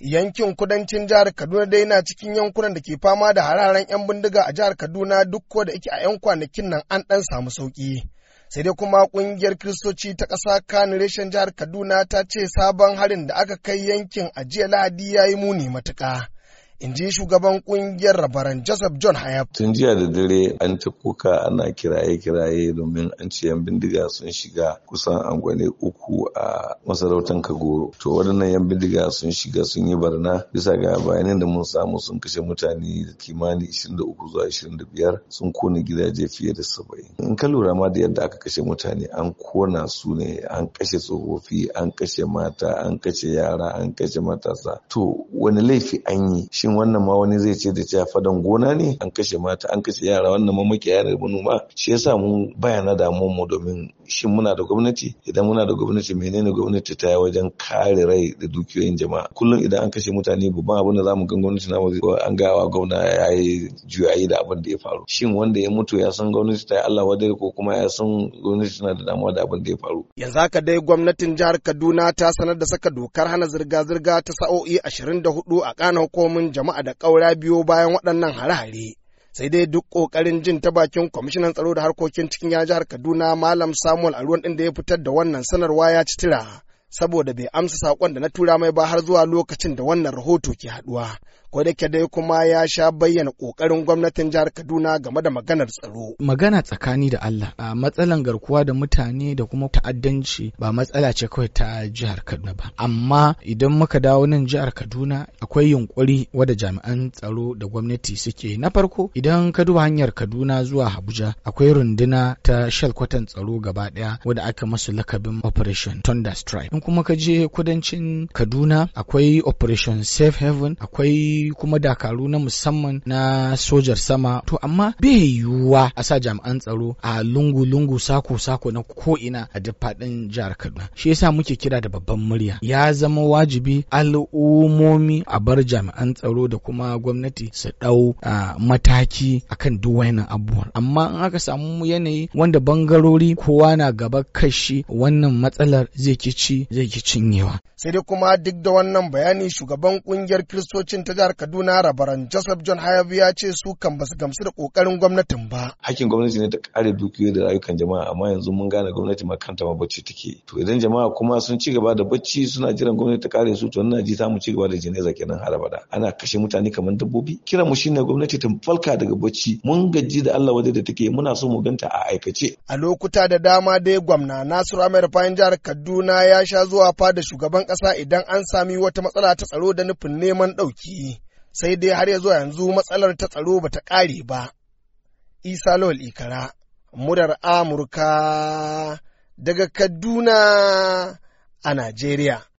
yankin kudancin jihar kaduna dai na cikin yankunan da ke fama da hararen 'yan bindiga a jihar kaduna duk ko da yake a 'yan kwanakin nan an ɗan samu sauƙi sai dai kuma ƙungiyar kiristoci ta ƙasa kanireshen jihar kaduna ta ce sabon harin da aka kai yankin a jiya lahadi ya yi muni matuƙa in ji shugaban kungiyar rabaran Joseph John Hayab. Tun jiya da dare an ta kuka ana kiraye-kiraye domin an ce yan bindiga sun shiga kusan angwane uku a masarautar Kagoro. To waɗannan yan bindiga sun shiga sun yi barna bisa ga bayanan da mun samu sun kashe mutane da kimanin 23 zuwa 25 sun kone gidaje fiye da 70. In ka lura ma da yadda aka kashe mutane an kona su ne an kashe tsofaffi an kashe mata an kashe yara an kashe matasa. To wani laifi an yi shin wannan ma wani zai ce da cewa fadan gona ne an kashe mata an kashe yara wannan ma makiyaya da manoma shi yasa mu na damuwar mu domin shin muna da gwamnati idan muna da gwamnati menene gwamnati ta yi wajen kare rai da dukiyoyin jama'a kullum idan an kashe mutane babban abin da zamu gan gwamnati na ko an wa gwamna ya yi juyayi da abin da ya faru shin wanda ya mutu ya san gwamnati ta yi Allah wadai ko kuma ya san gwamnati tana da damuwa da abin da ya faru yanzu haka dai gwamnatin jihar Kaduna ta sanar da saka dokar hana zirga-zirga ta sa'o'i 24 a kana hukumomin jama'a da kaura biyo bayan waɗannan hare-hare sai dai duk kokarin jin ta bakin kwamishinan tsaro da harkokin cikin ya jihar kaduna malam samuel aruwan din da ya fitar da wannan sanarwa ya ci tira saboda bai amsa saƙon da na tura mai ba har zuwa lokacin da wannan rahoto ke haɗuwa. Kodake dai kuma ya sha bayyana ƙoƙarin gwamnatin jihar Kaduna game da maganar tsaro. Magana tsakani da Allah a matsalan garkuwa da mutane da kuma ta'addanci ba matsala ce kawai ta jihar Kaduna ba. Amma idan muka dawo nan jihar Kaduna akwai yunƙuri wada jami'an tsaro da gwamnati suke. Na farko idan ka duba hanyar Kaduna zuwa Abuja akwai runduna ta shalkwatan tsaro gaba ɗaya wadda aka masu lakabin Operation Thunder Strike. in kuma ka je kudancin kaduna akwai operation safe haven akwai kuma dakaru na musamman na sojar sama to amma bai yiwuwa a sa jami'an tsaro a lungu-lungu sako-sako na ko'ina a duk faɗin jihar kaduna shi yasa muke kira da babban murya ya zama wajibi al'ummomi a bar jami'an tsaro da kuma gwamnati su ɗau mataki akan duk abu abubuwan amma in aka samu yanayi wanda bangarori kowa na gaba kashi wannan matsalar zai ci zai ki cinyewa. Sai dai kuma duk da wannan bayani shugaban kungiyar kiristocin ta jihar Kaduna rabaran Joseph John Hayabu ya ce su kan basu gamsu da kokarin gwamnatin ba. Hakkin gwamnati ne ta kare dukiyoyi da rayukan jama'a amma yanzu mun gane gwamnati ma kanta ma bacci take. To idan jama'a kuma sun ci gaba da bacci suna jiran gwamnati ta kare su to na ji ta ci gaba da jeneza kenan har abada. Ana kashe mutane kamar dabbobi. Kira mu shine gwamnati ta falka daga bacci mun gaji da Allah wadda da take muna so mu ganta a aikace. A lokuta da dama dai gwamna Nasiru Ahmed Fahim jihar Kaduna ya sha sha zuwa fada shugaban ƙasa idan an sami wata matsala ta tsaro da nufin neman ɗauki, sai dai har ya zuwa yanzu matsalar ta tsaro ba ta ƙare ba. Isa Lawal Ikara, murar Amurka daga Kaduna a Najeriya.